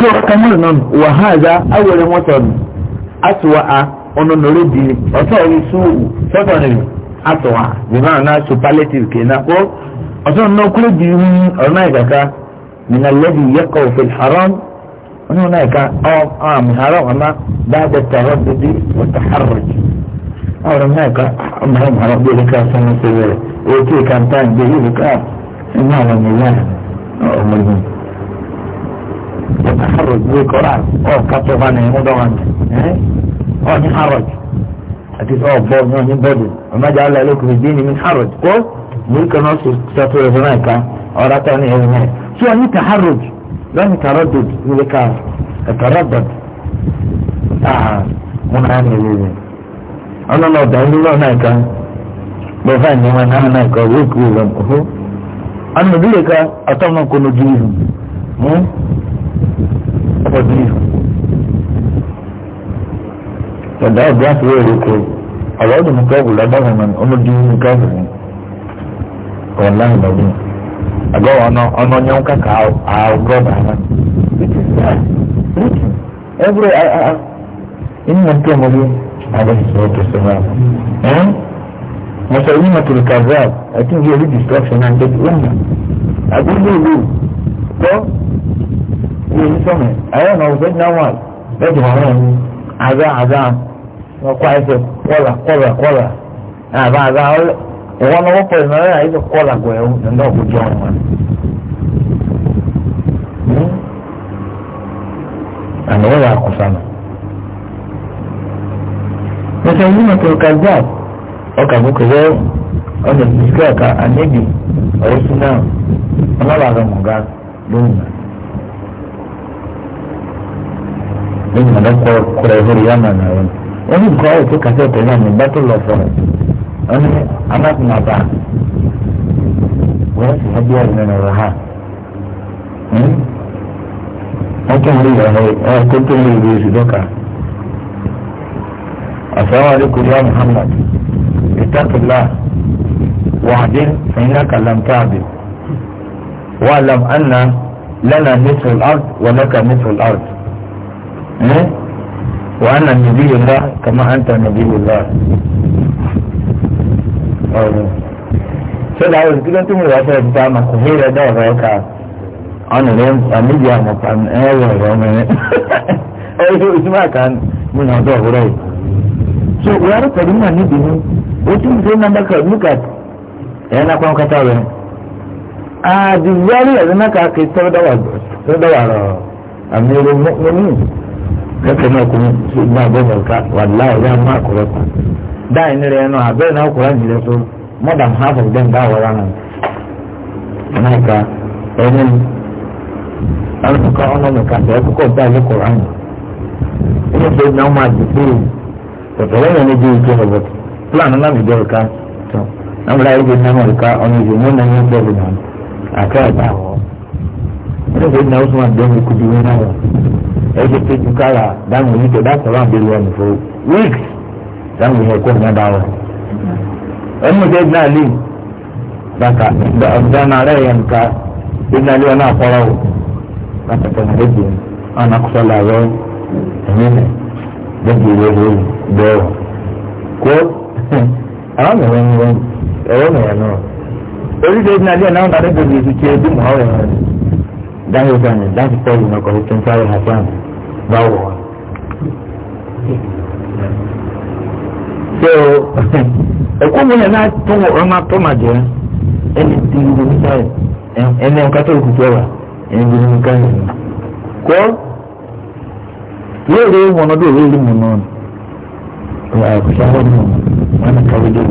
tí o kamuru nan wa haza awere motan atuwa a ono nore di ọtọ ori su sọtọ ni atuwa bi ma na superlative ke na ko ọtọ na okuru di ni ọna ikaka min alladhi yaqaw fi alharam ono na ika o a mi haram ama ba'da taraddudi wa taharruj awon na ika amma haram haram bi ka san sai o ke kan tan bi ka ina wa ni ya o mo ni التحرج بالقرآن أو كتب عنه مدوان من نحرج أتيت أو بول نو نبول وما جعل لكم في الدين من حرج كو ملك نص ستور هناك أو راتني هناك شو يعني تحرج لا تردد ملك التردد آه منعني ليه أنا لو دعوني الله هناك bẹ́ẹ̀ ni wọn náà náà kọ wíìkì wọn kò hó. ọ̀nà ìdílé ká ọmọdéyìn ọ̀dà ọ̀dà àfúwé ìrókò ọ̀rọ̀ ọ̀dùn mú káàbù lábàmù mọ̀ ọmọdéyìn mú káàbù ní ọ̀nà ìlọ́gbù àgọ́ ọ̀nà ọ̀nà ọ̀nyẹ́wò kàkà àwòrán bàbá every inú wọn tó ọmọdé àbẹ̀sọ̀tò sọ̀rọ̀ I think you are the destruction and death wonder àbúrò ìlú kọ́. ti èyí sọ̀mẹ̀ ẹ̀rọ náà ọ̀gbẹ́ ní àwọn àgbẹ̀dì wọn náà àgbà àgbà wọn kọ́ àìsẹ̀ kọ́là kọ́là kọ́là àbá àgbà wọn náà wọ́pọ̀ ìnáwó àìsẹ̀ kọ́là gbọ̀ẹ́wò nígbà òkú jọ wọn. àná wọ́n yà kó sánà. Mẹ̀sẹ̀ yìí mọ̀ tó kàgbà ọkà bókè yẹ ọ̀nà ìdílé ẹ̀ka ànẹ́bì ọ̀rẹ́sìn náà ọlọ́wà lọ́mọ̀gá lónìí. in na dan ko kurehuri yana na wani wani ko ai kuka sai ta yana battle of wani ana kuma ba wani su habiya ne na raha hakan ne ya hai a kuntun ne zai su doka assalamu alaikum ya muhammad ittaqillah وعدين فإنك لم تعبد واعلم أن لنا مثل الأرض ولك مثل الأرض وأنا نبي الله كما أنت نبي الله sọ́dọ̀ àwọn ìdílé tó ń rẹ̀ fẹ́ gba màkùnrin rẹ̀ dọ̀ rẹ̀ ká ọ̀nà rẹ̀ àmìjì àmọ̀pá ẹ̀rọ rẹ̀ mẹ́rin ẹ̀rọ ìsúnmọ́ àká mú ní ọ̀dọ̀ ọ̀rọ̀ yìí. so ìyàrá pẹ̀lú mà níbi ní o tún ṣe nàmbà kan níkà ẹ̀ náà pọ́n kẹta rẹ̀. àdìyẹ́rì ẹ̀rọ náà kà kí sọ́dọ̀ wà rọ̀ àmì ẹ̀rọ mọ́mí. kẹ́kẹ́ náà kún sí gbà bọ́ọ̀bọ̀ ká wàlá ọ̀rẹ́ àmọ́ àkùrẹ́ kan dáì ní rẹ̀ náà abẹ́rẹ́ náà kúrẹ́ nílẹ̀ tó more than half of them dá wọ́ra náà náà ẹni alùpùpù ọ̀nà mi kàtà ẹ̀ ilé kọ̀ọ̀rọ̀ àná ẹni tó náà máa dì pé ọ̀tọ̀rọ̀ yẹn ní bí ike ọ̀bọ̀ plan náà mi tó náà mi láyé ẹsẹ pé dukara dáhùn yìí tó dáhùn sọlá bẹ̀rù ọ̀nà fún weeks dáhùn yìí ẹ̀kọ́ ìyá dáhùn. ẹnu tẹ ẹgbẹ́ àlè bàtà ọ̀dánà ara ẹ̀yẹ nǹka ẹgbẹ́ àlè ọ̀nà àkọ́rọ̀ wò bàtà tẹ̀lé ẹ̀dì ọ̀nà kọ́sọ́ làárọ̀ ẹ̀yìn rẹ̀ lẹ́bi ìwé rẹ̀ bẹ́ẹ̀ kó àwọn mẹ̀rẹ̀ ń wọ́n ẹ̀rọ mẹ̀rẹ̀ náà oríṣi ẹgbẹ́ àlè ọ̀nà àwọn àdébòbí ti ṣe ẹdún mọ́ ọ̀rẹ́ rẹ̀ dáhùn sani dáhùn sọ́ọ̀lù náà kọ́ báwo wọn. so ẹkọ mi yẹn náà tó wọ ọmọ àtọmọ jẹ ẹni tí ń bomi sáyẹ ẹni ẹnka tó kù fẹwà ẹni bomi nìkan yẹn kọ yóò rí wọn ọdún òwe rí mu náà ọ àkùsà wọn ni wọn ní kàwé dé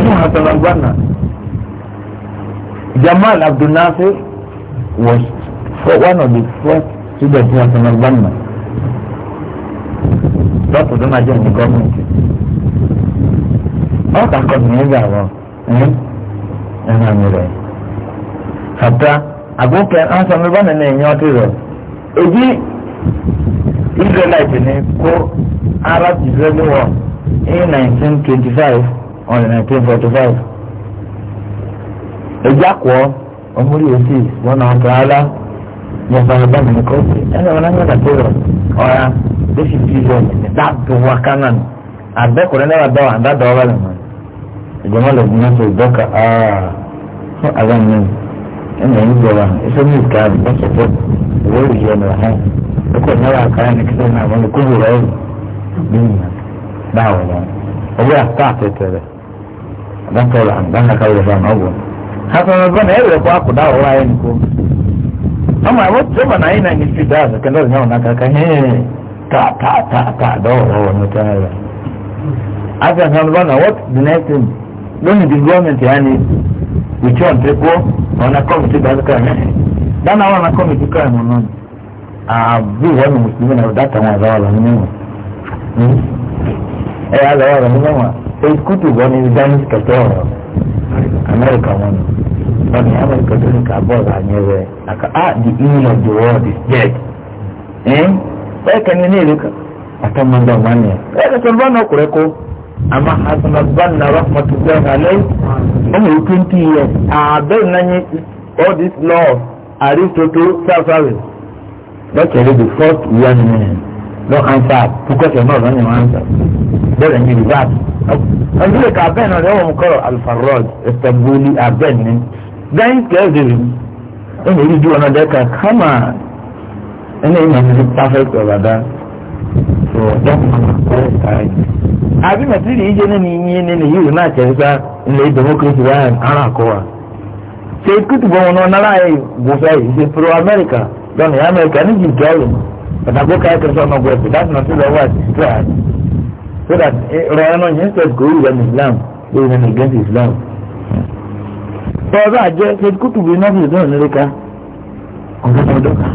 ẹni wọn àtọmọ gbàna jamal abdulnasir was one of the first students in àtọmọ lọ́pọ̀ tó máa jẹ́ ní gọ́ọ̀mẹ̀ntì ọ̀tà kan ní ẹgbẹ́ àwọ̀ ẹ̀hán mi rẹ̀ fàtà àgùnkẹ́ ọ̀sán mi bá nínú israelite na kó arab israeli war in 1925 five or nineteen forty five èyí àkọ́ ọmọlúwo sí wọn náà tó ara yẹn fara bá mi ní kọ́ọ̀tì bẹ́sì tí ìbọn dáàbò wa kánà nù àbẹ́kùnrin náà dáwọ̀ àdádọ́ ọ̀rẹ́ lẹ́nu ìjọba lọ́gbọ́n náà tó ìdọ́kà áà fún àwọn ènìyàn ẹnì ẹ̀yìn ìjọba ẹsẹ̀ ní ìka àbẹ́sẹ̀ tó ìwé ìyẹn ọ̀nà ọ̀hún ẹ̀kọ́ náà àkàrà ní kíkọ́ náà wọn kó wùrọ̀ ẹ̀rù nínú dáwọ̀ wọn owó àtà àtẹ̀tẹ̀rẹ̀ dákọ̀rọ̀ àgbàkàkàwé fún ọgbọ̀n hasanabana ẹ̀rù ẹ̀kọ́ àkùdá ọ̀wá ẹ̀ nìkó ọmọ àwọn tó bọ̀ náà yìí náà ní ta ta ta ta da wannan mutane ba aka san bana what the next thing when the government yani return to ko wana committee ba ka ne dana wana committee ka mu non a bi wani musulmi na da ta ma za wala ne eh ala wala ne ma sai kutu wani dan ka to america wani wani america dole ka ba ga ne aka a the evil of the world is dead eh bẹ́ẹ̀ kẹ́ni ní ìlú kan àtàwọn ọgbà wọn ni ẹ̀ ẹ̀ sọ̀rọ̀ bá náà kúrẹ́ kó àmà àtàwọn rahmatulahi alayhi ọmọ ìlú twenty years àbẹ́rẹ̀ náà yẹn all this law aristotle sáfàwé lọ́kẹ̀rẹ́ the first one man lọ́ ansa púpọ̀sẹ̀ náà lọ́nyẹ̀ wọn ansa bẹ́ẹ̀ ni rivers ọdún lè ka abẹ́ẹ̀ náà lẹ́wọ̀n kọ́rọ̀ alfarod istanbuli abẹ́ẹ̀ ni then kẹ́ẹ̀dẹ̀rẹ̀ ẹ̀ ní ìdí wọn náà dẹ́ka kama ẹni ìmọ̀ ní perfect ọ̀bàdàn so ọ̀dọ́kùn máa ń kọ́ ẹ̀ka ẹ̀. àbí mẹ̀tírì yìí jẹ́ nínú yín nínú yìí náà kẹ́ríkà ilẹ̀ democracy wáyà ara kọ́ wa. ṣé kùtùbọ̀ wọn náà nára ẹ̀ gbọ́sọ̀ yìí ṣe pro america lọ́nà amẹ́ríkà ní jù jọ́ọ̀lù ọ̀dàgbó káyọ̀kẹ́ sọ̀nà gbẹ̀sẹ̀ that's not still over israel so that rọ̀rọ̀ eh, náà yẹn sọ̀rọ̀ kò yí ìwẹ̀ ní islam ó yẹ ní against islam. ọ̀rọ̀ àjẹ́ ṣe kùtùbọ̀ iná fi ìdúró nílé ká ọ̀gá ọ̀dọ́ ká.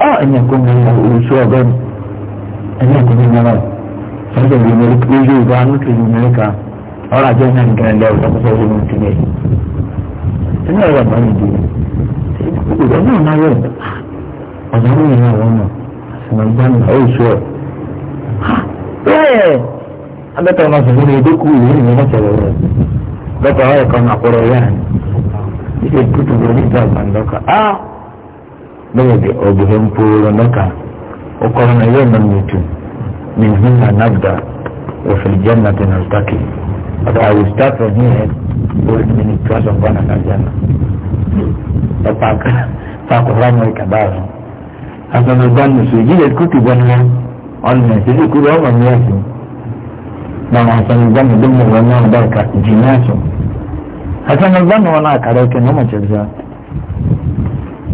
a ina kuma yana urusu a gani ina kuma yana ba sai da yunar kujo ba mutu yunar ka ọrọ ajọ náà nìkan lẹ ọsọ kọsọ ọsọ mutu ne ina yọ ba ni biyu ọdọ náà náà yọ ọdọ náà yọ wọn nọ sọmọ gbá mi ọ oṣù ọ bẹẹ abẹta ọmọ sọmọ ní edo kú ìwé ìwé mọtò lọrọ bẹta ọyọ ah bẹ́ẹ̀ bí ọ̀gbìn mpóró mẹ́ka ọkọ̀rọ̀ náà yóò nà mìtú mìhún nà nàbdà òfìlìjẹ́ nàtẹ̀ nà stákì ọ̀dọ̀ àwọn start from here old ministers of ghana nàìjíríà ọ̀pá fàkùrọ̀ amẹ́ríkà báyìí asọ̀nà gbàmù sọ èyí yẹ kúkú gbọ́n wọn ọ̀nà ìṣẹ́jú kúrò ọ̀nà mi ẹ̀sìn báwọn asọ̀nà gbàmù dẹ́mu wọn náà bá ẹ̀ka jìnnà ẹ̀sìn asọ̀nà gbàmù wọn náà kàrọ̀ ẹ̀kẹ́ ní ọmọ ìṣẹ̀lẹ̀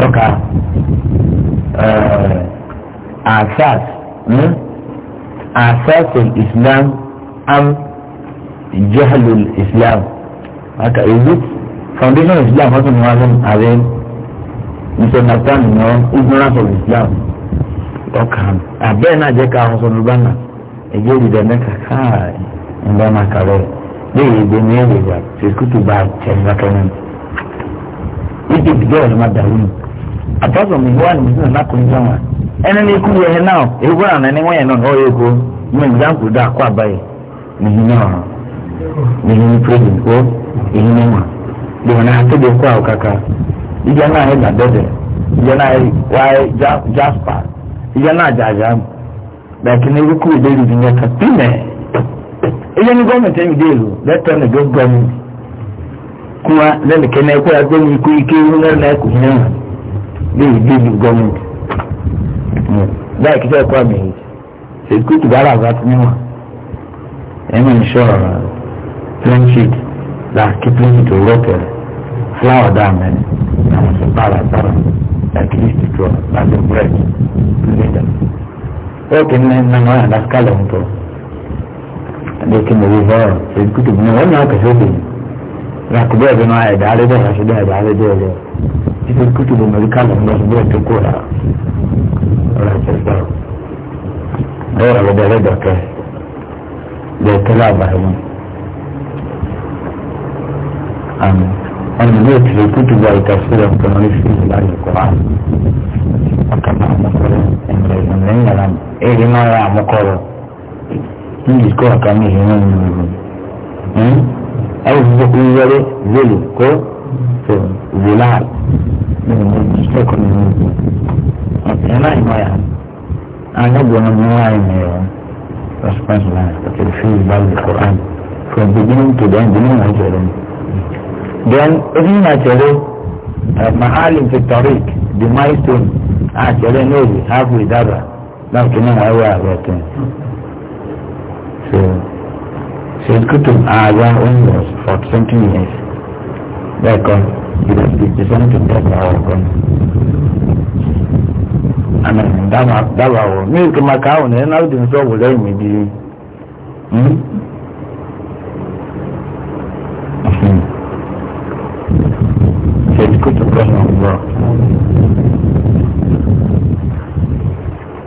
lọ́ka eh, asas hmm? asas islam am jahlul islam aka is it foundation of islam wọ́n tún ní wọ́n lẹ́nu ààrẹ misunderstand ní wọ́n ignorance of islam lọ́ka abẹ́ẹ̀ náà jẹ́ ká àwọn sọ̀rọ̀ bá náà ẹ̀jẹ̀ ìdílé mẹ́ka káàì ń bá máa kàwé léyìí ìgbé ní ẹ̀rẹ̀ ìgbà tí kùtù bá tẹ̀ ń bá kẹ́rin. Egypt bẹ́ẹ̀ ló má dàrú nù. atọzọ m wa ni mo na ko njọ ma ẹni ní ikú yẹ hẹn na ewu náà ní wọn ego náà ọ yẹ kó mo ní gbàǹkù na kó àbáyé na náà nìyí ní prison kó èyí ní ma lèwọn náà tó de jaspa ìjọ na jàjà bẹẹkì ní ikú yẹ lórí ìdíyẹ ká pínlẹ ní gọọmenti ẹni lẹtọ ní lẹnu kẹne ẹkọ ikú ike ẹkọ they give the government báyìí kí sẹ́yìn kọ́ àmì yìí ṣèkú tìbára àgbà tó níwọ̀n ẹ̀mí ìṣọ́ra plain sheet la kí plain sheet òwúrọ̀ tẹ̀lé flour dá mẹ́ni àwọn sọ bára bára At least draw the bread later wọ́ọ̀kì ní nàmú àyàn láti kálẹ̀ ń tọ́ ẹ̀dẹ́kì mọ̀ wíwọ́ ṣèkú tìbára wọ́n ní wọ́n kẹsẹ́ bẹ̀yìn yakubu ẹbí náà ẹ̀dá rẹ bẹ́ẹ̀ yàtọ̀ bẹ́ẹ̀ ẹ̀dá rẹ bẹ́ẹ̀ rẹ títí kútu bò mẹ́ríkà lọ ń lọ́sọ̀ bẹ́ẹ̀ tó kó rà ọ̀rọ̀ ẹ̀jẹ̀ sọ bẹ́ẹ̀ ọ̀rọ̀ bẹ́ẹ̀ rẹ dọ̀kẹ́ bẹ́ẹ̀ tẹ́lẹ̀ àbáyé wọn. àmì ọ̀nà ìlú ètùtù kútu bọ̀ ìtàsílẹ̀ ọ̀pẹ̀rẹ̀ ní fíìmù láyé kọ́ra ọ̀kàmọ́ àmọ́kọ́rọ̀ ẹ̀mẹ̀rẹ̀ ìgbọ̀nlẹ̀ ń yàrá ai yare zulu ko to zular yana imoya an ga gona nuna yi mai yawa response line that will feel about the Quran from beginning to the end beginning of the end then even at the mahalim fi tariq the milestone at the end of halfway dada now kina na yawa a so Saint Kutum Aya when he was for 20 years. Therefore, he was imprisoned to death by our God. Amen. Dábàá wọ̀ ní ìkìmá káwọn ẹ̀ náà dín sọ́ọ̀bù lẹ́yìn ìdí. Saint Kutum Kọ́nà ọ̀gbọ́.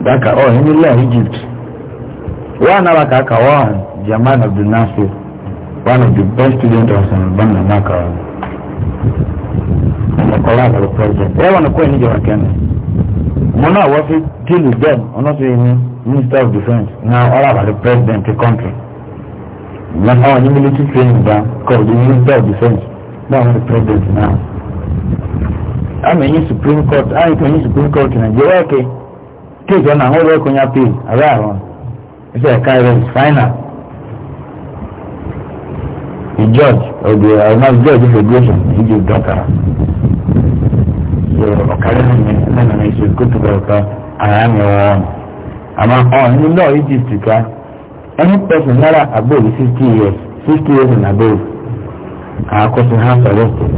Dákà ọ̀ ní ilẹ̀ Egypt. Wọ́n náà wà kàkà wọ́n. Jamal Abdul Nasir, one of the best students of San Bana Makara. And the collateral president. They want to quit Nigeria Kenya. Mona was it deal with them, or not the Minister of Defense. Now all about the president of the country. Now our oh, military training down, called the Minister of Defense. Now the president now. I'm a Supreme Court, I'm a Supreme Court in Nigeria, okay. Take on a whole work on your appeal, around. It's a kind final. He judge or the uh, not judge immigration he give doctor. so okay. Then, he ọ̀kadà mi nínú mi ṣe kótó bẹ̀rẹ̀ ara mi wọ́n àmọ́ ọ̀n ní law egypt ká any person lára above sixty years sixty years and above àkóso half arrested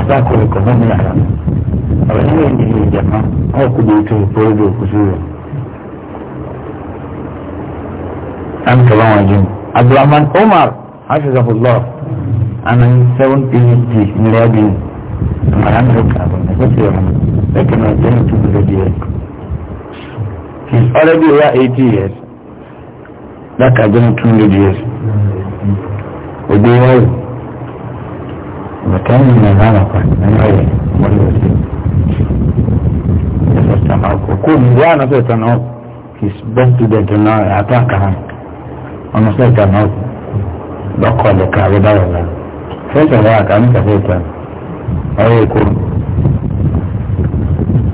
àtàkùnrin kò mọ́ mi àrà ọ̀rọ̀ yìí ní ìlú ìjàmá ọ̀kùnrin tó ń pọ̀ lójú òkú sí rẹ̀. àǹkà bá wọn jẹun abdulrahman omar hafizahullah ana yin seven phd ní lẹ́bìn mayan rẹ̀ kàbọ̀ ẹgbẹ́sẹ̀ ọ̀hún lẹ́kẹ̀ náà jẹ́ two hundred years he is already over eighty years láka jẹ́ two hundred years ògbé wáyé bàtà yìí nà nàrà pa nínú ọ̀yẹ̀ wọ́n lọ sí ẹ̀fọ́ sàmákò kó ní wọ́n àná fẹ́ tán náà his best student náà àtàkàrà ọ̀nà fẹ́ tán náà dɔkɔ de ka bi dawɛ la sɛnsɛn wa ka n sɛfɛ tɛn ɔyɛ ko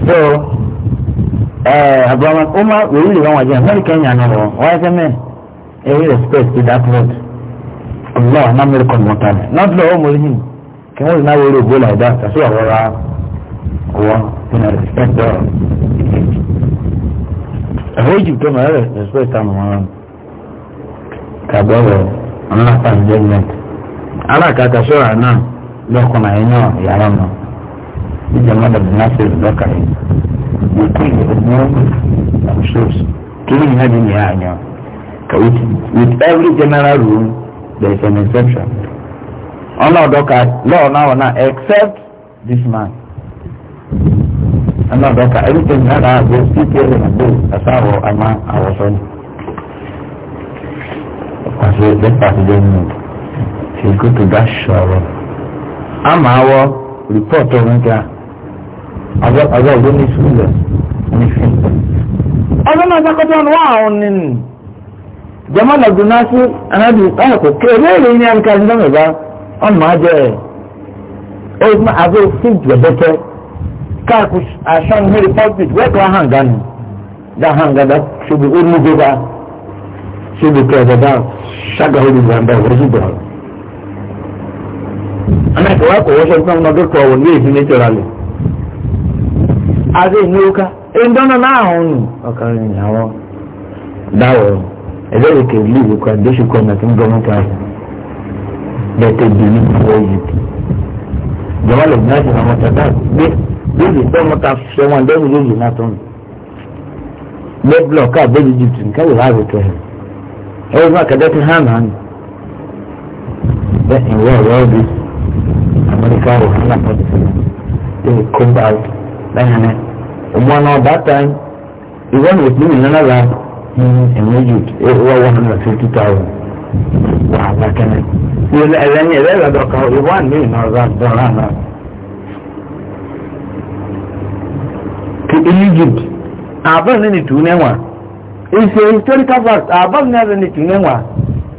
so ɛɛ aburama kuma wòye le ba wọn jẹun hɛri kɛnyɛ náà wọ wọn ɛsɛ mɛ ɛyɛ respect to that road allah na mi kɔn mɔta mi not the whole morning kí wọn nana wọlé ògbó like that kasi wà wọra wọ ina respect dɔrɔ ɛfɛ yìí tó ma ɛyɛ respect ta mọ̀ wọn ọlọ́pàá ń jẹ́ ilẹ̀ alákàtà sọ̀rọ̀ náà lọ́kùnrin àyẹ̀yẹ́ náà yàrá nù níjàmbá dàbí náṣẹ́ lọ́kà yìí mo kí ìgbìmọ̀ ọ̀ṣọ́s kí ni ìhàdí ni yà á yàn with every general rule there is an exception ọ̀nà ọ̀dọ́ka lọ́ọ̀ náà wọ̀ náà except this man ọ̀nà ọ̀dọ́ka everything náà náà go still carry and go as our ama our pàṣẹ lẹ́pàṣẹ lẹ́nu ṣèkú tó bá ṣọ̀rọ̀ a máa wọ rìpọ́ọ̀tù ọ̀hún ká ọjọ́ ìlú ní sùúlẹ̀ ní fi. ọjọ́ náà sákọ́tọ́ ọ̀nà wà áwọn ní nù jama laguna sí anábì ọ̀hún kò kéré léèrè ní àǹkà ní lọ́mọ̀ ìbá ọ̀n máa jẹ́ ẹ̀ ó máa abẹ́ sí ìgbẹ̀bẹ́tẹ́ káàkù àṣàn ní rìpọ́ọ̀tù wẹ́ẹ̀kọ́ àhàǹgá ni dáhàǹgá dá ṣubú ó ní gbé bá ṣubú kẹ́ ṣága orí ìgbàmbá ìwé ṣùgbọ́n amẹ́kọ̀ wá kọ̀ wọ́ṣọ́ fún ọmọdé kọ̀ wọ̀ ní èdè nítorá lẹ̀ adé ní ó ká náà hàn ní àwọn dáwọ̀ tí ń gbọ́n ká bẹ́tẹ̀ bí ní ìwọ yìí lè gbìyànjú àwọn ọmọ ọmọ ta wọn ẹ̀rọ fún akadẹ́tì hàn hàn bẹ́ẹ̀ ìwọ ọ̀rọ̀ ọ̀bí amẹ́ríkà wò hàn náà pọ̀jù sílẹ̀ they will come out lẹ́yìn náà ọmọ náà that time ìwọ ni òtún ìyẹn náà la ẹ̀wọ̀n yìí ẹ̀wọ̀ one hundred fifty thousand wà á bá kẹ́nẹ́ ẹlẹ́yìn ẹlẹ́yìn ọ̀dọ́ka ìwọ àná ìyẹn náà ra dọ́là náà to Egypt àbọ̀ nínú ìtùnú ẹ̀wọ̀n is a historical fact above never ni ti nenwa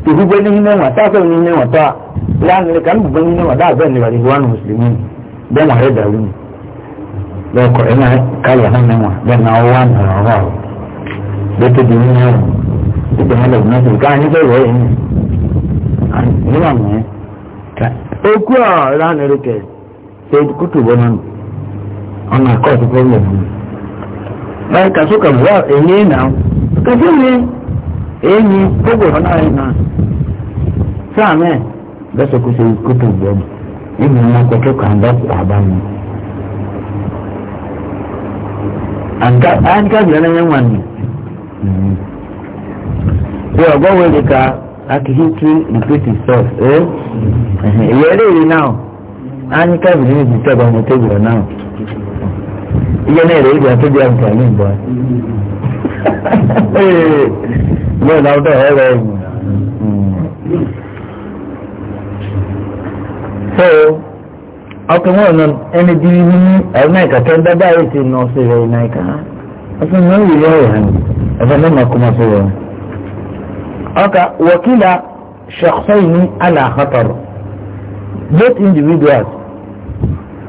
ti hubo ni nenwa ta so ni nenwa ta la ni kan bu ni nenwa da ba ni wali wa muslimin da mu hada wi da ko ina kala na nenwa da na wa na wa da ta di ni nenwa ti da mala na ti kan ni da wa ni ni wa mu ta o ku a la ni reke sai ku tu bonan ana ko to problem Baik kasukan buat ini now. kẹsíwì èyí gbogbo ọ̀nà rẹ̀ náà sáàmì bẹ́sẹ̀kúṣe kótó gbọ́dọ̀ ìmú ọmọ kẹtọ́ kan bá pàbá mi. àǹká bìrẹ̀ náà yẹn wà ní. ṣé ọgbọ́n wo lè ka aki hitri repeat itself ẹ ìwé eléyìí náà ka bìrẹ̀ náà ti tẹ̀ bá ọmọ tẹ̀gbọ̀n náà. ìyẹn náà èrè ìgbà tó di àǹfààní ìbọn. bẹ́ẹ̀ náà bẹ́ẹ̀ ẹ rẹ̀ so ọkùnrin wọn nọ ẹni bí wí ní ẹ̀rọ náà kàkẹ́ ń dábàá ètò ìnà ọ̀sẹ̀ rẹ̀ náà ká ọ̀sẹ̀ náà yìí rẹ̀ hàn ẹ̀fẹ̀ náà máa kó máa sọ rẹ̀. ọkà wọ́kìlà ṣàkóso ní aláàkọ́tọ̀rọ̀ both individuals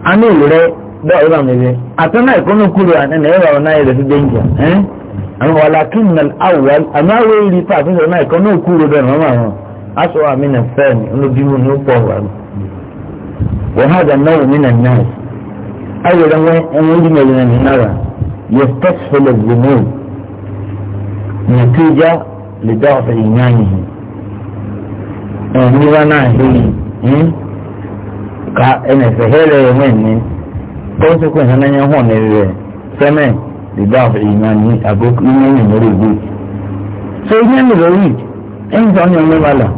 a ní ìrẹ́ bẹ́ẹ̀ ọ̀rọ̀ mi rẹ̀ àtúnná kúrò àná ẹ̀rọ ọ̀nà ẹ̀rọ tó àwọn ọ̀làkín nà áwọ̀ àmọ́ àwọn èrì pa àfihàn náà ẹ̀kọ́ náà kúrò bẹ́ẹ̀ mọ́mọ́ àwọn aṣọ àmì nà fẹ́ẹ̀mì olóbìnrin ní ó pọ̀ wà mí. wọ́n hà dà náà mí nà náà ayọ̀ rẹ̀ wọ́n ẹ̀wọ̀n ní mẹ́rin nà náírà yẹ tẹ́sílẹ̀ gbòmọ́ nàtíjà lè dá ọ̀fẹ́ ìyáyìn ẹ̀mí wa náà hẹ́yìn ká ẹnẹ̀fẹ̀ hẹ́rẹ̀ ẹ̀wọ̀n ní consequence náà hàn ní rẹ̀ sẹ́mẹ̀ẹ́ لضعف إيماني أبوك إيماني مريض بي فإيمان غريب أنت أن يعلم الله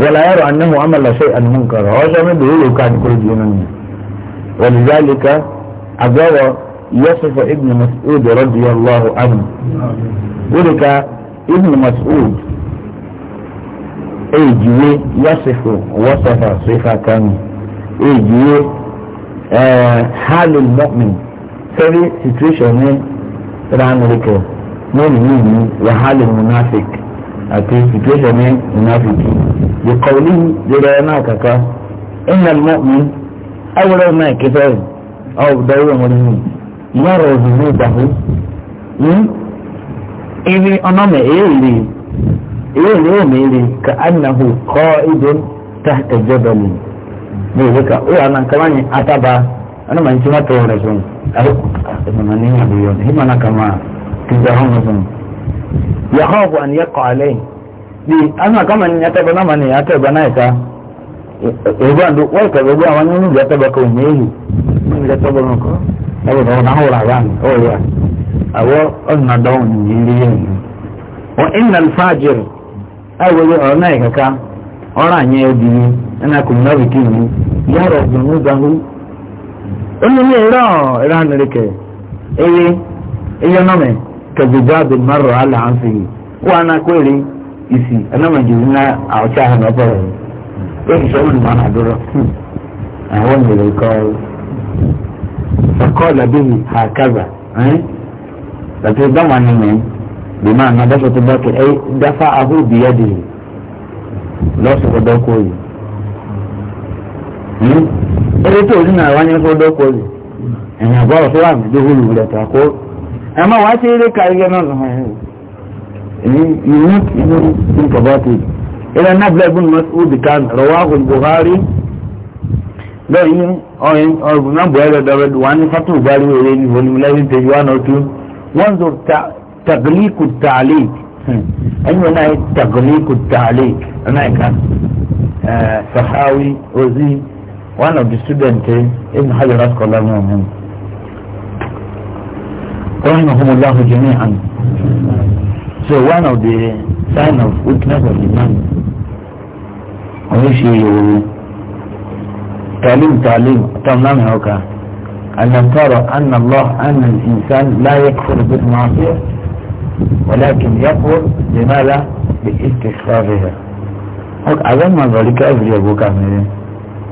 ولا يرى أنه عمل شيئا منكرا هذا من دهوله كان كل دينانيا ولذلك أبوه يصف ابن مسعود رضي الله عنه ولك ابن مسعود يصف وصف صفة كان اي ejiwe آه، حال المؤمن sẹ́rí situation ní ramẹ́ríkà lónìí nìyí wàhálì munafik àti situation ní munafiki lè kọ́ ní lórí ẹ̀ náà kàkà ẹ̀yìn àlùmọ́ mi awúrẹ́ náà kẹfẹ́ rẹ̀ ọ̀ dọ́wọ́ wọn nìyí ìyá rẹ̀ ọ̀dùn ní ìdàgbé ibi ọ̀nà mẹ́ èyí rè èyí rè ó mèrè ka anahu kọ́ ibẹ̀ tàhtẹ̀ jẹ́bẹ̀lì ní ìwé ka ó yà nà kàmáyé àtàbà. ana manci mata wa rasun almanin abu yau da himana kama tijahun rasun ya hafu an yakko alai bi ana kama ni ya taba na mani ya taba na ita ebe e, e, andu wai ka gogo a wani nuna ya taba ka wani yi nuna ya taba na ko abu da wani haura oh, ba ne o ya awo on na dawon ni ni yi wa inna alfajir ai wani ona ikaka ọrọ anyị ya dị ina kuma na bikin ni yaro zunubahu onínú ìrọ̀ ìrànlẹ̀kẹ̀ eré eyọ́nàmẹ̀ kẹ̀gbẹ̀jáde márùn aláǹsì wọn anákọ̀ọ́rẹ́ ìsì ẹ̀nàmọ̀jìrì ńlá àwọ̀chá àhàn ọ̀pọ̀rọ̀ yìí èyí sọ́wọ́n nìmọ̀ àdúrà àwọn ìrẹ̀ kọ́ ọkọ̀ làbẹ́yìn àkàzà làbẹ́ dáwọn anìmẹ̀ bímọ àná dáfọ́ tó bá kẹ ẹ dáfá ahó bìyàdì lọ́sọ̀rọ̀ dọ́kọ̀ yìí. ẹgbẹ́ tó ní àwọn yẹn kó dọ́kọ̀ rẹ̀ ẹ̀yìn àbọ̀ ọ̀tọ́ àmì lóhùlù rẹ̀ tàkó ẹ̀mọ́ wá sí eré kàríyẹ náà lọ́wọ́ ẹ̀yìn ìlú ìlú ìkàbátì ilẹ̀ náà bẹ́ẹ̀ gbọ́n mọ́sùlùmí kan rọwá buhari bẹ́ẹ̀ ni ọ̀rùn náà buhari ọ̀dọ́rẹ́ wà ní fatu buhari eré ní volume eleven page one or two one of tagliku taalik ẹ̀yìn wọn náà tagliku taalik ọ̀nà ìka sahawi ozi. one of the students ابن حجر أسقل الله منهم رحمهم الله جميعا so one of the sign of weakness of the man ويشي تعليم تعليم تمنام هوكا أن ترى أن الله أن الإنسان لا يكفر بالمعصية ولكن يكفر بما لا باستخفافها هوك أظن ما ذلك أفريق وكاملين إيه.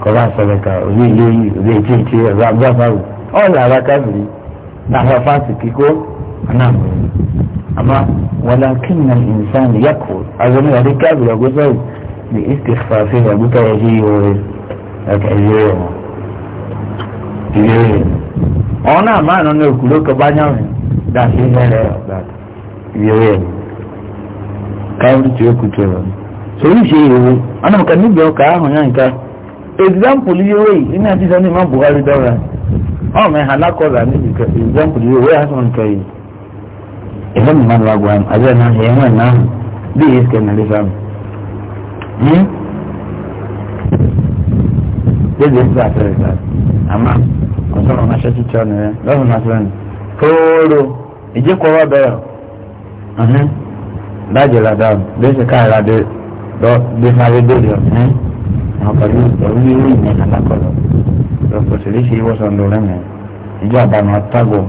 kọ́lá sọ̀rọ̀kà òní ìléyìí òní ètí ètí ọ̀rọ̀ agbáfáwò ọ̀là arákàbìrì náà fáfáàsì kíkó náà àmà wọlé akínà ìnsán yàkó azọ́nà ìwádìí kábìrì ọgbọ́sọ̀rọ̀ ní ìsìkfàfẹ́ ìwàgbọ́tà ẹ̀yẹ ìwọ̀rẹ́ ẹ̀kẹ́ ìlérè wọn. ìlérè ọ̀hún náà máa nọ ní òkúló kọbányàmì dàbí ìlérè ọ̀gá ìlérè ẹ̀ káwọn tí ó kú tó rọ̀ sórí ìṣe ìwé ọ̀nà kan níbi ọkà ahùn yàn ká example yìí wéyìí iná àti sani máa buhari dára ọmọ ẹ̀ alákọ̀ọ́lá níbi kẹ example yìí wéyìí asọ̀n kẹyì ẹ̀fọ́ mi máa ń wágbá mi àbẹ́ náà ẹ̀yẹ́ wọn náà bí èyí sìkẹ́ nàlẹ́ sáàmù. Bébè ń bá àfẹ́rẹ́ sá àmà ọ̀sán ọ̀nà aṣẹ́ títí ọ̀nà rẹ̀ lọ́sùn náà sọ́yìn kóró ìjẹ́kọ̀ọ́ wà bẹ́ẹ̀ lájẹ̀ làdáwọ̀ bẹ́ẹ̀ sì káàrà dé fún adé dé rẹ̀ ọ̀pọ̀lú orílẹ̀ ìyẹn alákọ̀lọ́ lọ́pọ̀tẹ̀lẹ́ ṣe wọ́sọ̀ lórí mi ìjọ àbámu àtàgọ̀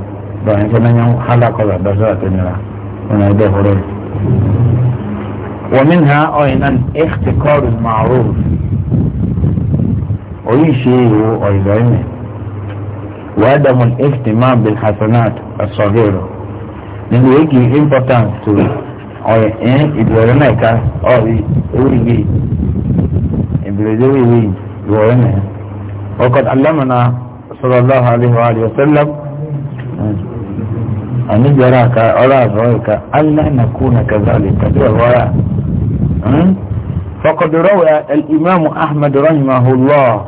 lọ́rin tí wọ́n yàn alákọ̀lọ́ dọ́sọ̀ àtẹnira wọn ẹgbẹ́ ọ̀rọ̀ rẹ̀. wọ́mìn ha ọ̀yìnà ẹ̀kẹ́kọ̀ọ́rù màrú orí ìṣe ìwò ọ̀yìnbọ̀ ẹ̀mẹ̀ wàdàmù ẹ̀kẹ́tìmá bil hasanat asọ̀rẹ́rọ̀ nínú èkì importance to ọ̀yìn ìdúró náà ká ọ̀rí orí yìí. بذويه وعنه وقد علمنا صلى الله عليه وآله وسلم آه، أن يراك أراك رأيك ألا نكون كذلك وراء آه، فقد روى الإمام أحمد رحمه الله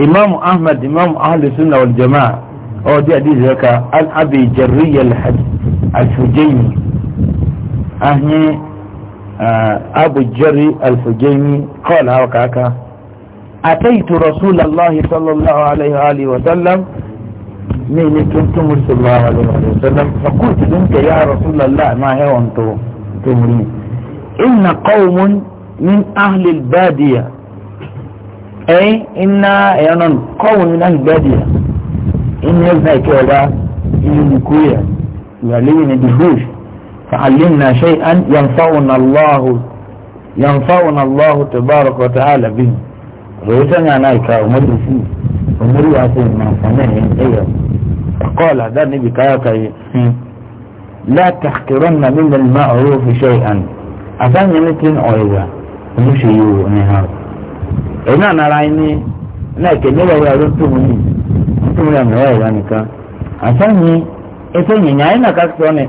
إمام أحمد إمام أهل السنة والجماعة أو دي حديث لك الأبي أبي الحج الحجيمي أهني أبو الجري الفجيمي قال هكذا أتيت رسول الله صلى الله عليه وآله وسلم من تمتم صلى الله عليه وآله وسلم فقلت لك يا رسول الله ما هي وانتو تمرين إن قوم من أهل البادية أي إن يعني قوم من أهل البادية إن يبنى كذا يلقويا يلقويا يلقويا فعلمنا شيئا ينفعنا الله ينفعنا الله تبارك وتعالى به رويتنا نايكا ومدرسي ومري عسين ما سمعين ايه فقال هذا النبي كاكا لا تحقرن من المعروف شيئا أثاني مثل أويدا ونشيو نهار إنا نرعيني لكن نبا يارتمني أنتم لا نوائي ذلك أثاني إثاني نعينا كاكتوني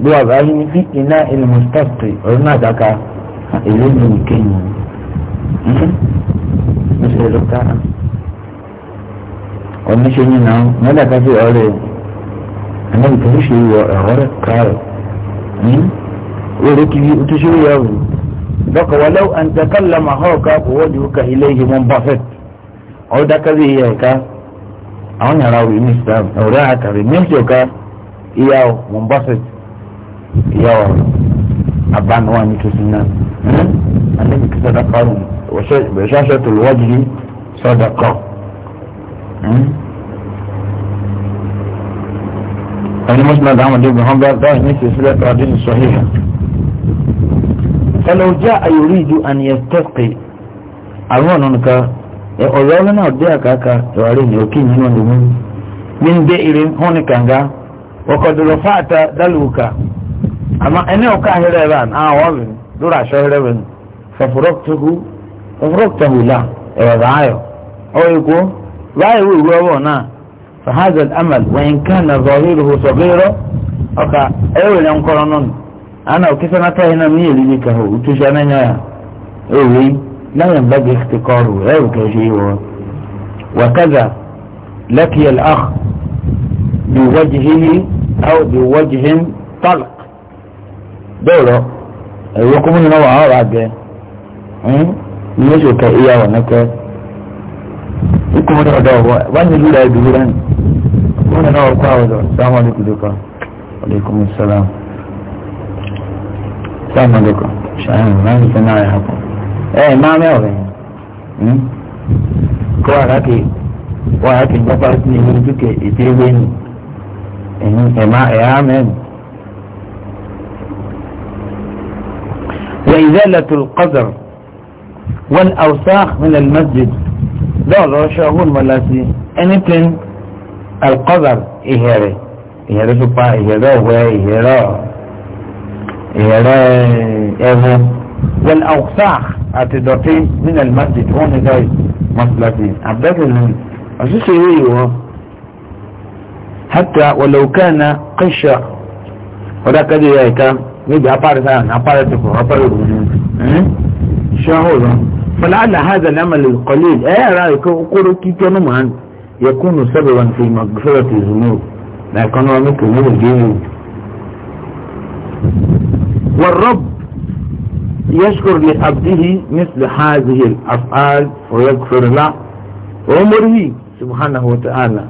bí wà bá yín fi iná ìlmùsítọ́sì ọ̀rọ̀ náà dáka èlé ní ìkéyìn mr lọ́tà oníṣẹ́ yín náà wọ́n dàka sí ọ̀rẹ́ ẹ̀mọ́ ìtọ́jú ṣe wọ ẹ̀họ́rẹ́ kárẹ̀ orí kiri òtúnṣe yẹ̀ wò bọ́kà wà lọ́wọ́ àǹtakàlà màhọ́ọ̀ká òwòdì òkà ilé yìí mọ́ bá fẹ́ ọ̀dàkà sí ìyá ẹ̀ka àwọn yàrá òwe ní islam ọ̀rẹ́ àkàrẹ̀ mẹ́sì ọ̀ka ìyá mọ́ bá fẹ́. yawa a ban wa ni tutun nan hmm? annabi ka sadaka wa shashatul wajhi sadaqa kan hmm? musnad ahmad ibn hanbal da ne ke sura hadith sahiha فلو جاء يريد أن يستسقي أرونك أولونا أوديك أكا توارين يوكين من بئر هونك أنجا وقد رفعت دلوك amma ene o ka hira a wa bi dura sho hira ban fa furaktuhu la e wa ayo o yuko wa yi wu wo na fa hadha al amal wa in kana zahiruhu saghira aka ewe ne nkoro non ana ukisa na ta hina mi lini ka ho utusha na nya ewe la yanbaghi ihtikaru ewe ka ji wo wa kaza لقي الأخ بوجهه أو بوجه طلق dɔwɔrɔ ɛwɔ kɔmu nyina wɔ awɔ agɛ ɛn nyina so ka eya wɔ nɛkɛ ikumu dɔwɔ dɔwɔ wɔ wani lura yi dugu lani kɔmu nyina wɔ kɔ awɔ dɔ sàmú alekum dɔkɔ alekum salam sàmú alekum sàmú nani sɛ n'ayɛ hapɔ ɛɛ maame wɔ bɛn ɛn kɔ akake wɔ akake nkɔfa ne mu duke ete ewe ni ɛn ɛma ɛha mɛ mu. وإزالة القدر والأوساخ من المسجد دولار شاهون ملاسي أنتن القدر إهارة إهارة سبا إهارة وإهارة إهارة إهارة والأوساخ أتدرتي من المسجد هون زي مسلسي عبدالك الهون أسوسي أيوة. هو حتى ولو كان قشة وده كده يا كام يجي أطار ثاني أطار تفر أطار إيه؟ شهودا فلعل هذا العمل القليل أي رأيك أقول كي كانوا معنا يكون سببا في مغفرة الزنوب لا كانوا مثل الزنوب الجنود والرب يشكر لعبده مثل هذه الأفعال ويغفر له عمره سبحانه وتعالى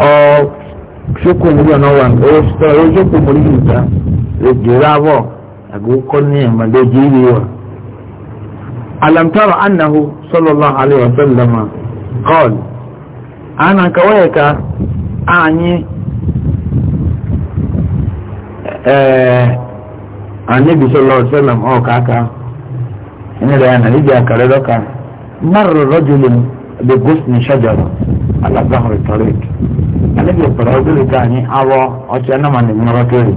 أو sókò múlò náà wà ní ọwọ́ sọ́tọ́ ọwọ́ sókò múlò yìí ta èdè rábọ̀ àgókò ní ẹ̀mọ́dé jírí wa. alamtara annahu sallallahu alaihi wa sallam qol ana kawai ka anyi e, annabi sallallahu alaihi wa sallam ọ̀ kaka ina da yana rijiya kare doka marar rajulin بغصن شجرة على ظهر الطريق النبي يقول تاني أبا أتنا من مراتوري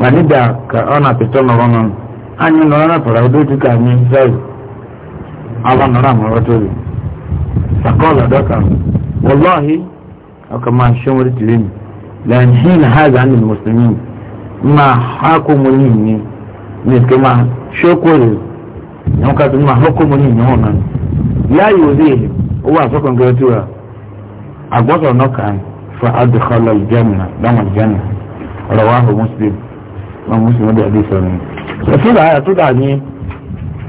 mani da karana fito na wannan an yi nuna fara hudu duka ne sai abin nuna sakola aka ma shi wuri tilini nyɛn ka sɔn ma hɔkɔ mu ni nyɛn o de yɛlɛ wa sɔkɔ nkɛrɛ tu wa a gbɔsɔ nɔ muslim ma muslim ni sɔsɔ la yàtò dà ní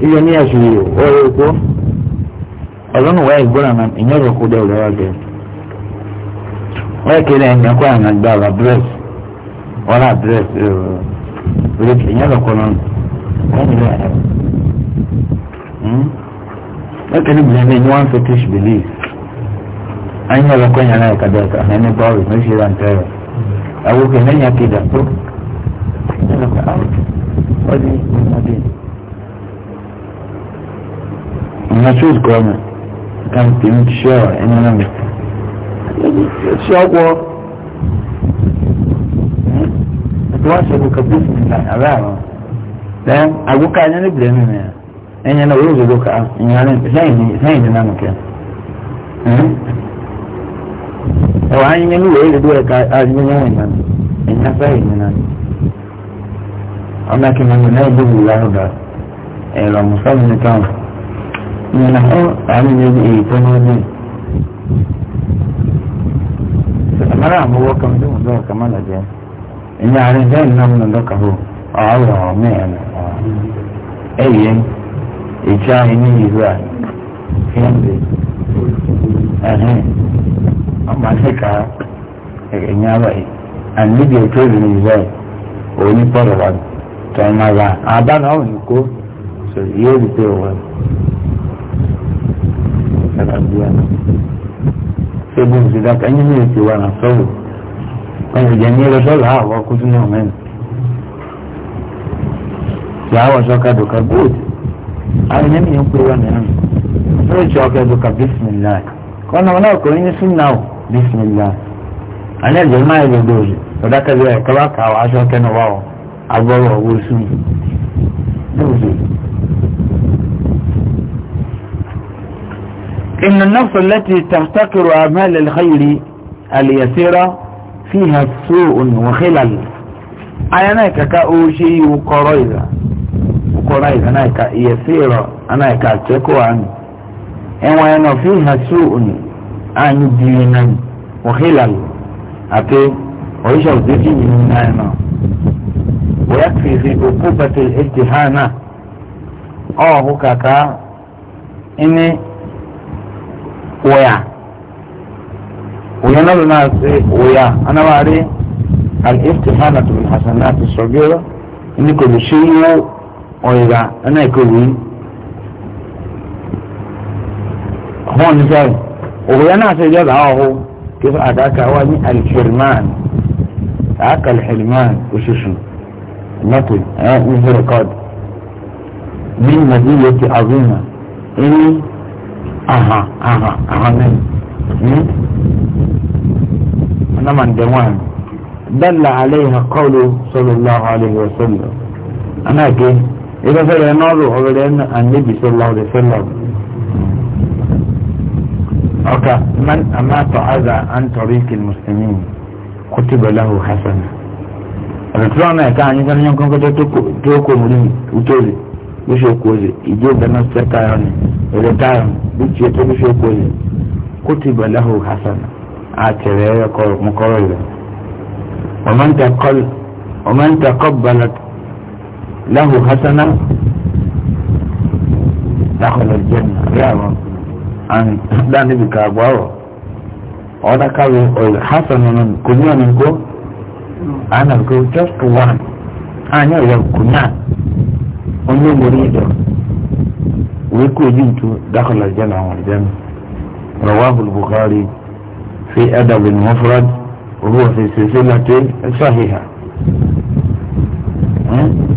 iye ní ẹsẹ ọyọ kó ọlọ́nu wáyé gbọ́dọ̀ náà ìyẹn rẹ̀ kó dẹ̀ ọ̀rẹ́ gẹ̀ wáyé kéde ẹ̀yìn kó àyàn ìyẹn rẹ̀ kó náà wọ́n What can you blame in one fetish belief? I know the coin and I can do it. I know Boris, no she ran terror. I will get any kid and book. I look out. What do you mean? What do you mean? I'm not sure it's grammar. I can't be sure. I don't know. Sure, what? It was a book of hmm? business. I don't know. Then I will kind of blame him here ẹ̀yẹn náà yóò zòzò ká lẹ́yìn nínú àmì kẹ́ ẹ̀wọ̀n ayé yẹn lúwẹ̀ẹ́ ìlú ẹ̀ka àdúgbò yẹn wọ̀nyí náà ẹ̀yìn afẹ́yìn nínú àmì ọ̀nà kìnnìún náà ìlú wù lárúbà ẹ̀rọ mùsùlùmí ní táwọn ìyẹn náà ọ̀ àmì yẹn èyí tó náà dé mara àmúwọ́ kan tó ń lọ́ọ̀ kàmá lọ́jọ́ ẹ̀yìn àárín bẹ́ẹ̀ náà ń lọ́ọ̀ ìjà inú ìlú à fíìmù ẹhìn ọmọ àṣekà ẹ̀yìn àbáyé àníbi ètò ìlú ìlú ẹ̀ òní pọ̀lọ̀ wà tọ́mọ́lá àbáná òní kó yóò rí pé òwò ṣébí ń ṣèdá ẹni ní ètò wa náà sọ̀rọ̀ wọn sì jẹ́ ní ẹrẹ sọ̀rọ̀ àwọn ọkùnrin náà mẹ́rin yàá wọ̀ sọ́kadùkà gbòòdì. àwọn èèyàn mi ń pè wọn mìíràn lórí ìjọ ọgbẹ duka bísímìlá kọ́nà wọn náà kò ní sí náà bísímìlá àní ẹ̀jẹ̀ máa lè lòdì ọ̀dákẹ́lẹ́ ẹ̀ kọ́ bá kà á aṣọ kẹ́nu wá ọ agbọ́rọ̀ owó sùn lóòdì. إن النفس التي تفتقر أعمال الخير اليسيرة فيها سوء وخلل أنا كاكا أوشي وقريبا kukora anaika yasiro anaika cheko anu enwa yana fiha su'un anyi dinan wa khilal ate oisha udiki nyinayana wa yakfi fi ukubati al-ijtihana oh hukaka ini waya وينال الناس ويا انا بعرف الامتحانات بالحسنات الصغيره ان كل شيء ọ̀yẹ̀bà ẹ̀nà ìkọ̀wé hàn sọ̀rọ̀ òwúrọ̀ náà sọ ìjọba ọ̀hún kíkọ́ àdáka wa ní alhìrìmán àkà alhìrìmán oṣooṣù mẹ́tò ẹ̀ ń fi rẹ̀kọ́d ní màdíyẹ ti àzúmà ẹni àhà àhà àhà mẹ́rin ọ̀nàmà ǹdẹ̀wọ̀n dalla alayha qawlu sallallahu alayhi wa sallam ana ke إذا فعلنا روحه لأن النبي صلى الله عليه وسلم أوكا من أمات أذى عن طريق المسلمين كتب له حسنة أتتوانا كان يكون يمكن كتب توكو مريم وتوزي بشوكوزي يجيب دانا ستايوني ولتايون بيجي يتو بشوكوزي كتب له حسنة أعتبه مقرر ومن تقل ومن تقبلت له حسنة دخل الجنة يا عن لا نبكى أبوه ولا قالوا حسنة كنيا منكو أنا بقول just one أنا لو كنيا أني مريد ويكو جنت دخل الجنة والجنة رواه البخاري في أدب المفرد وهو في سلسلة صحيحة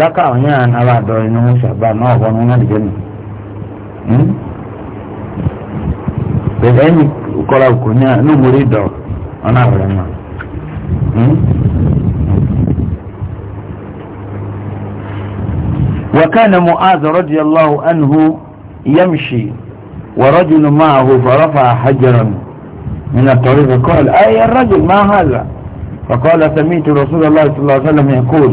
raka àwọn yàrá náà bá dọ̀ inú ṣàbá náà wọ́n wọn lè jẹun bẹ̀rẹ̀ ẹni kọ́ra òkú ní inú وكان معاذ رضي الله عنه يمشي ورجل معه فرفع حجرا من الطريق قال أي الرجل ما هذا فقال سمعت رسول الله صلى الله عليه وسلم يقول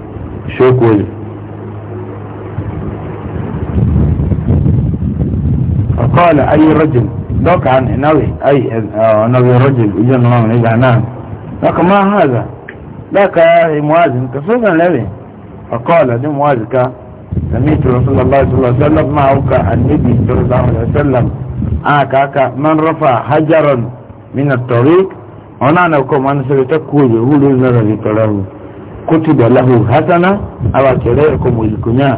شوك ويف فقال أي رجل دوك عن نوي أي آه، نوي رجل إجن الله من إجعنان ذاك ما هذا ذاك آه، موازن كفوفا لبي فقال دي موازكا سميت رسول الله صلى الله عليه وسلم معك النبي صلى الله عليه وسلم آك آه، آك من رفع حجرا من الطريق ونعنى كم ما نسبتك كوجه هو لذلك تلاه kutiba lahu hasana awa kere ko mulikunya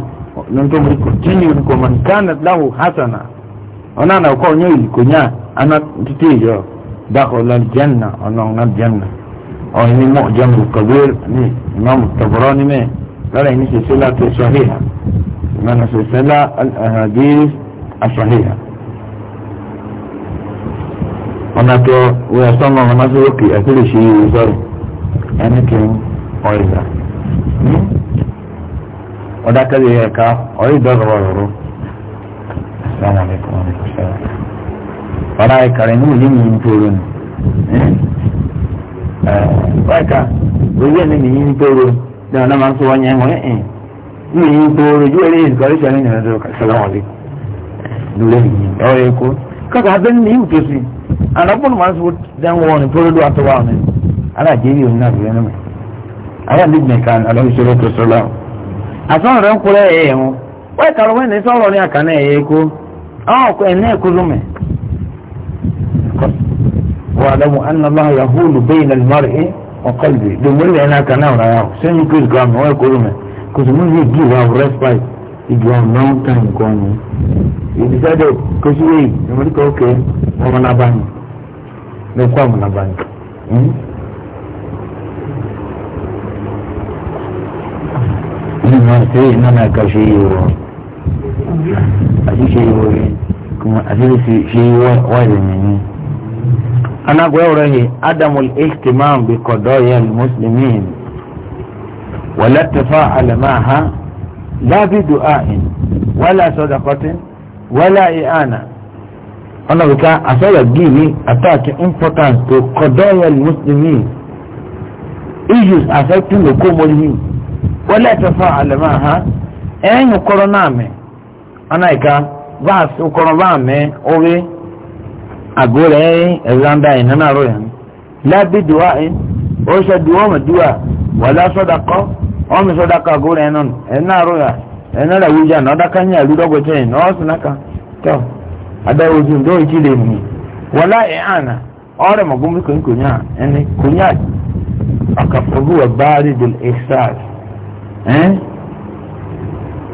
nonto muliko tinyu ko man kana lahu hasana ona na ko nyo ilikunya ana titiyo dakhala aljanna ona na janna او هي معجم الكبير ني امام الطبراني ما قال ان سلسله صحيحه من سلسله الاحاديث الصحيحه ona to we are song on mazuki akili shi sorry anything ọ̀yà hmm? ọ̀dákẹ́lẹ̀ yẹ ká ọ̀yà ìdọ́rọ̀ ọ̀rọ̀ assalamu alaikum wa alaikum salam ọ̀rá ìkàrẹ̀ ní òní yìí ń tóró ni ọ̀ẹ́ka hmm? orí ẹ̀ ní yìí ń tóró ní ọ̀nà máa ń sọ wọ́nyẹ́ wọ́n ẹ̀ ní yìí ń tóró yóò rí ìkọ̀rẹ́sì ẹ̀rìn ìrìnàjò assalamu alaikum lórí yìí ọ̀rẹ́ ẹ̀kọ́ kọ́kọ́ abẹ́ni ní ìwùtòsí àná bọ́ọ̀lù máa ń sọ dáhùn wọn ní tóró lọ́wọ́ àtọwọ́ àwọn ẹ̀ ayé àbí àwọn ọkọ̀ ẹ̀ náà kú lómẹ̀. wàlámù análáà yahoo bẹ́yìn alimari ẹ̀ ọ̀kọ́lùbì lòmúlẹ̀ ẹ̀ náà kànnà ọ̀rọ̀ na sẹ́yìn kúrẹ́ gírámù wọ́n kó lómẹ̀ kò sì mú yìí give am respite ìgbà long time kan ni ìdí sẹ́dẹ̀ kó sí wẹ́yìn ìmọ̀lẹ́kọ̀ọ́kẹ́ ọmọ wannan ma sai ina na kashe yiwo a shi shi yiwo kuma a shi shi wajen ne ana gwaiwara ne adamul ihtimam bi qadoyal muslimin wala tafa'al maha la bi du'ain wala sadaqatin wala i'ana ana buka asaya gini attach importance to qadoyal muslimin issues affecting the community wala tafa'al ma'aha en ukoro name anaika vas ukoro vame owe agore ezanda inana royan la bidu'a o sha du'a ma du'a wala sadaqa o mi sadaqa gore non ena roya ena la na da kanya lu dogo te no sunaka to ada ojun do ikile mi wala i'ana ore magumi kunya ene kunya eh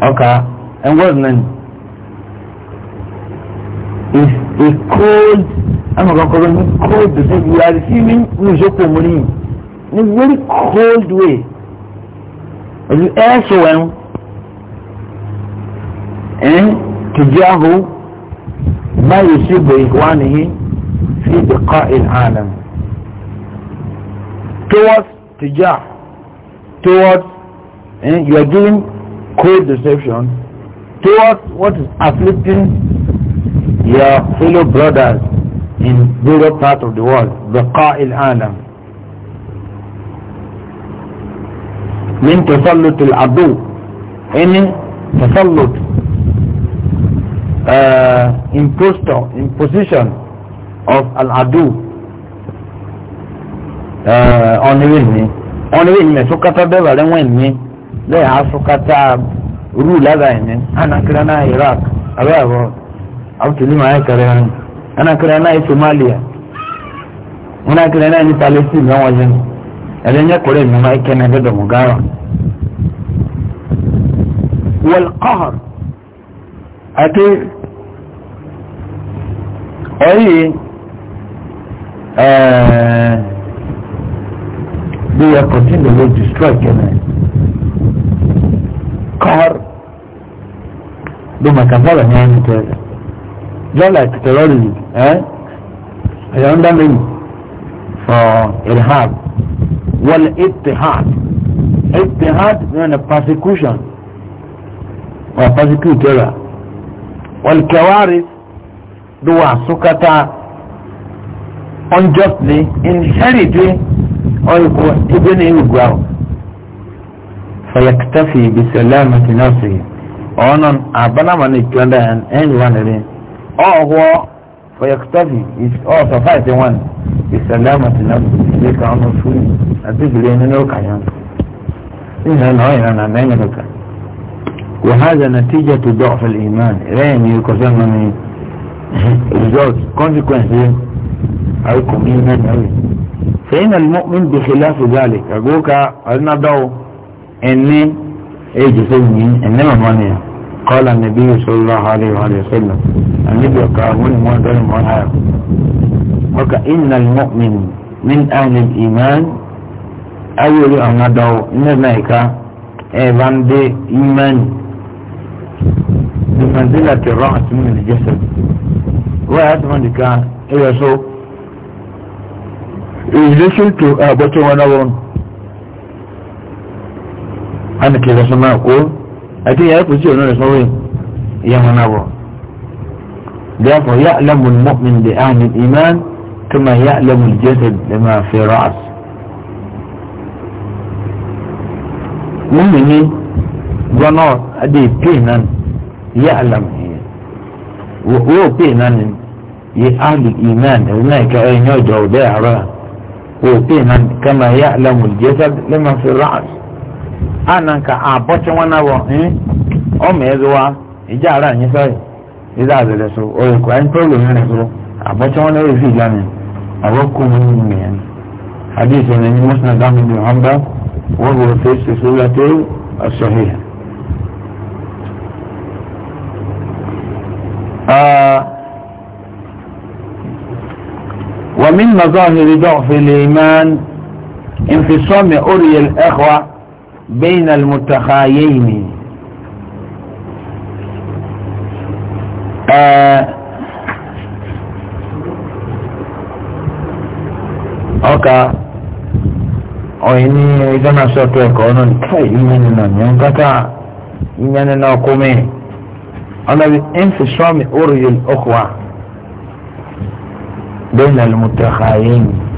okay and what's name is a cold i'm not calling it cold because you are receiving nujoko muri in a very cold way as you air so to well eh tijahu ما يصيب إخوانه في in العالم towards تجاه towards And eh? you are doing cold deception towards what is afflicting your fellow brothers in various parts of the world The بقاء min من al العدو any تسلط uh, impostor imposition of al-adu uh, on the wing on the wing so kata bẹ́ẹ̀ rẹ̀ wọ́n lẹ́yìn asukata rúù lábàá yìí ni anakira náà iraq abẹ́ àbọ̀ àwùjọ́lì máa yẹ kẹrẹ́ rẹ̀ anakira náà yẹ somalia anakira náà ní palestine náà wọ́n jẹun ẹ̀rẹ́ nyẹ kọ́rẹ́ mi máa kẹ́ náà dẹ́dọ̀ mọ́ wọ́n kọ́họ̀r àti ọ̀yì ẹ̀ẹ́ bí ẹ̀kọ́ tí lè destroy kẹ́nẹ́ẹ̀. قهر دوما كفارة يعني كتابة جالة كتابة ها الكلام ده من فإرهاب والاضطهاد اضطهاد يعني persecution وpersecutor والكوارث دوا سكتا unjustly inherited or even in the ground فيكتفي بسلامة نفسه أنا أبنا من يكون أن أين وانرين أو أهو فيكتفي أو سفايت وان بسلامة نفسه لك أنا شوي أدرك لين نوكا يعني إنه نوعي أنا إيه نين نوكا وهذا نتيجة ضعف الإيمان رين يكسر من الزوج consequences أو أوي فإن المؤمن بخلاف ذلك أقولك أنا ضعف ẹni èjì tó yìí ẹni mọ̀mọ́ ni kọ́lá nàbí ìṣòro àhálẹ̀ ìhálẹ̀ sọ́lá àníbi ọ̀ka àwọn ìmọ̀ ọ̀dọ́rin mọ́ náà ọ̀ka ìnà mọ́min ní àìlè ìmán ayọ̀lú àwọn adáwọ̀ ní nàìka ẹ̀bá ń dé ìmán bimanzila ti rán àti mímu ní jẹsẹ̀ wọ́n yà á ti wọ́n nìkan ẹ̀yọ so ìdílé sọ́tò àbọ̀tọ̀ wọn náà wọ́n. ana ke zasu ma ko a ti ya yi kusi ono da saurin ya mana ba therefore ya'lamu al-mu'min bi ahli al-iman kama ya'lamu al-jasad lima fi ra's mu'mini gwana ade pe nan ya'lam wo pe nan ye ahli al-iman da na ka ayi no jawda ara wo pe nan kama ya'lamu al-jasad lima fi ra's ananka abọ́tí wọn náà wọ̀ ẹ́n ọmọ ẹ̀ lọ́wọ́ ìjà ara yẹn sọ́yì ìdá àbẹ̀rẹ̀ so olùkọ́ ẹni tó lòun rẹ̀ so abọ́tí wọn náà yóò fi ìjà mi àwọn kò mú mi nìyẹn hadith ọ̀nà ni mọ́sánà dáhùn bí wọ́n bá wọ́n wọ́n fẹ́ ṣe sórí àti ọ̀ṣọ́ yìí. ومن مظاهر ضعف الإيمان انفصام أري الإخوة بين المتخايين ọkà ọ̀yìn ní ìdáná sọ́tọ̀ ẹ̀kọ́ ọ̀nà nìkà ìyẹnì náà ní ọ̀nkátà ìyẹnì náà kú mi ọ̀nà bí ẹ̀ǹfì sọ́ọ̀mì orí ọkùwà bẹ́ẹ̀ nà lùmùtàkà yẹn yìí.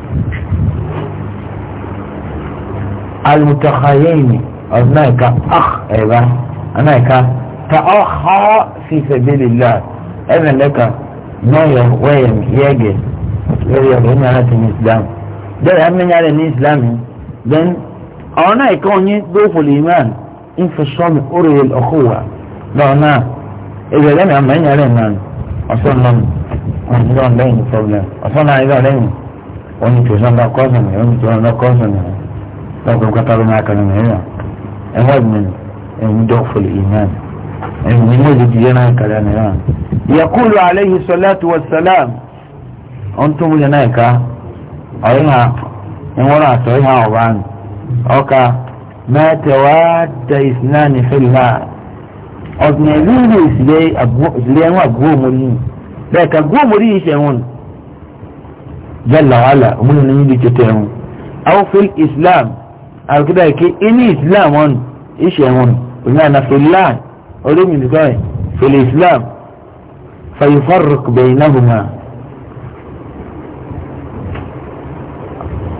المتخيين هناك أخ أيضا هناك تأخى في سبيل الله أنا لك نوية ويم يجي يجي هنا هات الإسلام ده أمن على الإسلام then أنا يكون ضيف الإيمان إن في الصوم أري الأخوة لأنا إذا لم يمن على الإيمان أصلا أصلا لين problem أصلا إذا لين ونتوزن لا قوزن ونتوزن لا قوزن لكن كتاب معك من هنا هذا من من ضعف الإيمان من الذي ينا كلام الآن يقول عليه الصلاة والسلام أنتم هناك أيها إن وراء سويها وبعن أوكا ما توات إثنان في الماء ọ̀sìn ẹ̀rí ilé ìsìlẹ̀ ìsìlẹ̀ ẹ̀wọ̀n àgbò òmòrí yìí bẹ́ẹ̀ ká gbó òmòrí yìí ṣe wọn jẹ́ làwálà òmòrí ní ìlú tètè ẹ̀wọ̀n. àwọn fil islam àrùkúdà ìké inú islam wọn iṣẹ́ wọn ìlànà filan orími nìkan ẹ̀ fèlè islam fàyífọ́rùk bẹ̀yìnàbùmá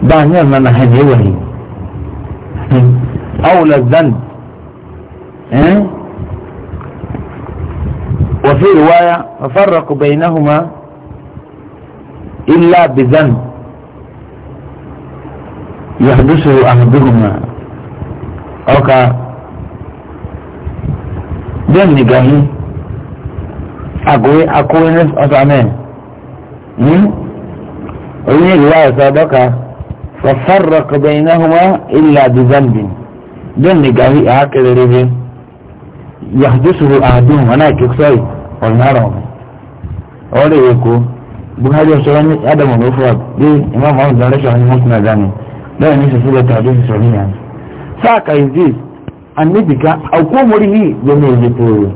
báyìí ọ̀nà náà hàn yẹ́ wọ̀nyí awùlà zan وفي رواية ففرق بينهما إلا بذنب يحدثه أحدهما أوكا دم نجاهي أقوي أقوي نفس أطعمين ومن رواية صادقة ففرق بينهما إلا بذنب بين نجاهي هكذا رجل يحدثه أحدهما أنا كيكسوي والنهارهم أولي يكو بخاري وسلامي أدم المفرد دي إمام أحمد رشا من مسنا ذاني bẹ́ẹ̀ ní sísú lẹ́tà ló ti sọ̀rọ̀ yẹn sáàkà ìdí àníbìkà àkómọrí yìí ló ní èyí tó rò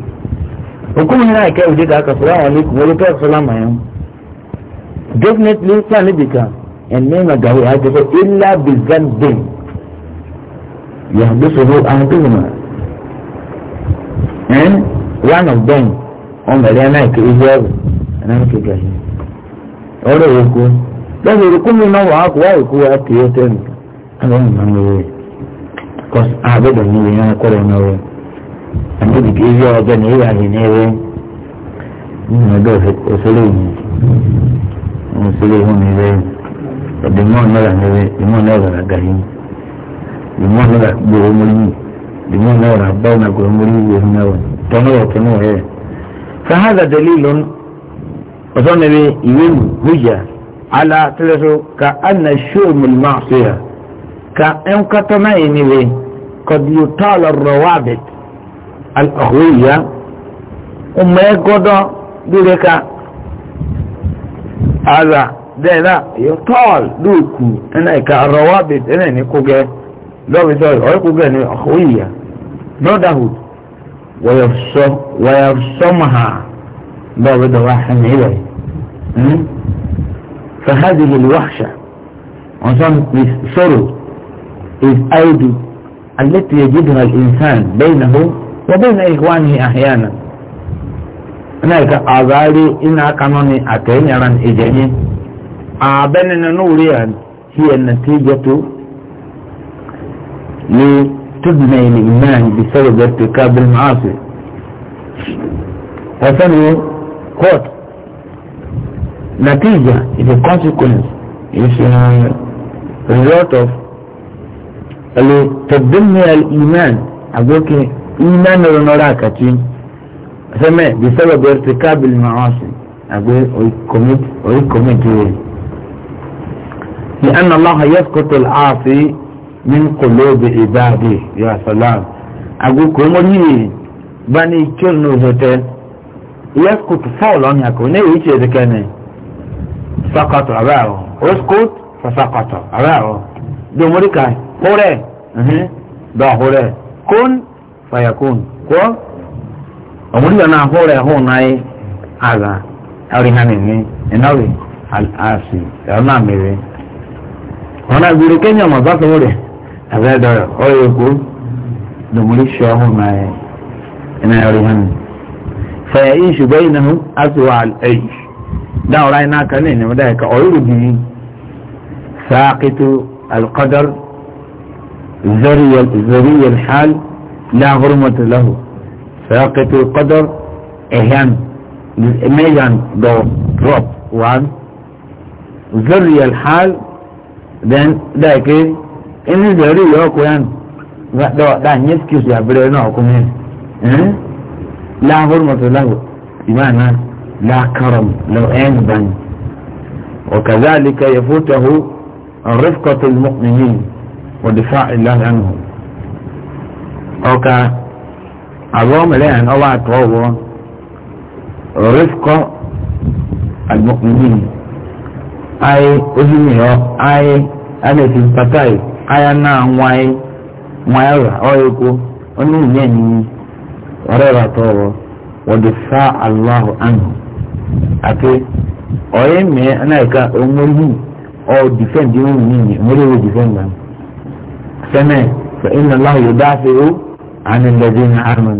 òkúmọrí náà ìkẹ́ òde kà kàfọ́ àwọn ọ̀lẹ́kù wọlé tó ẹ̀fọ́ lámà yẹn definitely sáà níbìkà ẹ̀mí màgàwé àjọṣe ilá bizandin yàgbé sọ̀rọ̀ àwọn tó wùmà ẹ̀ẹ́n one of them ọmọ ẹ̀rẹ́ náà ìkẹ́ israel ẹ̀ náà ìkẹ́ gàhìn ọ̀rọ̀ òkú lọ́sọ̀rọ̀ kúmi náà wà á kó wá òkú wa kì í ọ́ tẹ́lẹ̀. ẹlẹ́yìn máa mi wẹ̀ kọ́sì àbẹ̀dọ̀ mi wẹ̀ náà kọ́rọ̀ náà wẹ̀ àbẹ̀dọ̀ kì í yọ ọjọ́ ní ìyá yìí ní ẹwẹ́ nínú ọjọ́ òṣèlú yìí òṣèlú yìí mi wẹ̀ ẹ̀dẹ̀mọ́ náírà mi wẹ̀ ẹ̀dẹ̀mọ́ náírà gàrí ẹ̀dẹ̀mọ́ náírà gbòòrò mọ́ yìí ẹ̀dẹ̀mọ́ náírà báwọn náà gbòòrò mọ́ yìí wẹ̀ náà tọ́núwọ̀ tọ́núwọ̀ yẹ. fahadà dẹ̀lí lọ́nù ọ̀sán níbi ìwé hujja ala tẹ́lẹ̀ so ka anna ṣóòmù máa ṣe yà. كأن كتنين لي قد يطال الروابط الأخوية وما يقضى ذلك هذا ده لا يطال دوك انا كا الروابط انا نكوك لو بيزوي هاي كوك انا اخوية لا دهود ويرسم ويرسمها لا بده واحد عليه فهذه الوحشة عشان بسرط is التي يجدها الإنسان بينه وبين إخوانه أحيانا هناك أذاري إن أقنوني أتين يران إجاني أبننا نوريا هي النتيجة لتبني الإيمان بسبب ارتكاب المعاصي وثاني quote نتيجة is a consequence is a result of قالوا تضمن الإيمان أقولك إيمان رنراك سمع بسبب ارتكاب المعاصي أقول ويكمت ويكمت لأن الله يسقط العاصي من قلوب عباده يا سلام أقول كمري بني كل هتل يسقط فول عن يكون نيجي ذكاني سقط أباعه اسقط فسقط أباعه domori kai hore mhm. da hore kun fayakun ko omuri yana hore ho nai aga ari hanin ni enawi al asi ona mere ona guru kenya ma ba hore aga da oyo ku domori sho ho nai ina ari hanin فيعيش بينهم أسوأ العيش ده رأينا كان إنه ده كأولو دي ساقط القدر ذري ذري الحال لا غرمة له فاقت القدر إهان ميان دو drop وان ذري الحال then ذاك إن ذري يوك وان دو دان يسكي سيا برينا أكمين إيه؟ لا غرمة له بمعنى لا كرم لو أين بان وكذلك يفوته رفقة المؤمنين ودفاع الله عنهم أوكا عظام لأن الله تعالى رفقة المؤمنين أي أزمه أي أنا في الفتاي أي أنا أمواي واي أويكو أني يعني رفقة تعالى ودفاع الله عنهم أكي أي مي أنا كأمرهم or defend the own meaning mele will defend them sẹ́mẹ̀ fẹ́ iná láàyè dáfẹ́ ó ànilẹ́dẹ́ ní àrùn.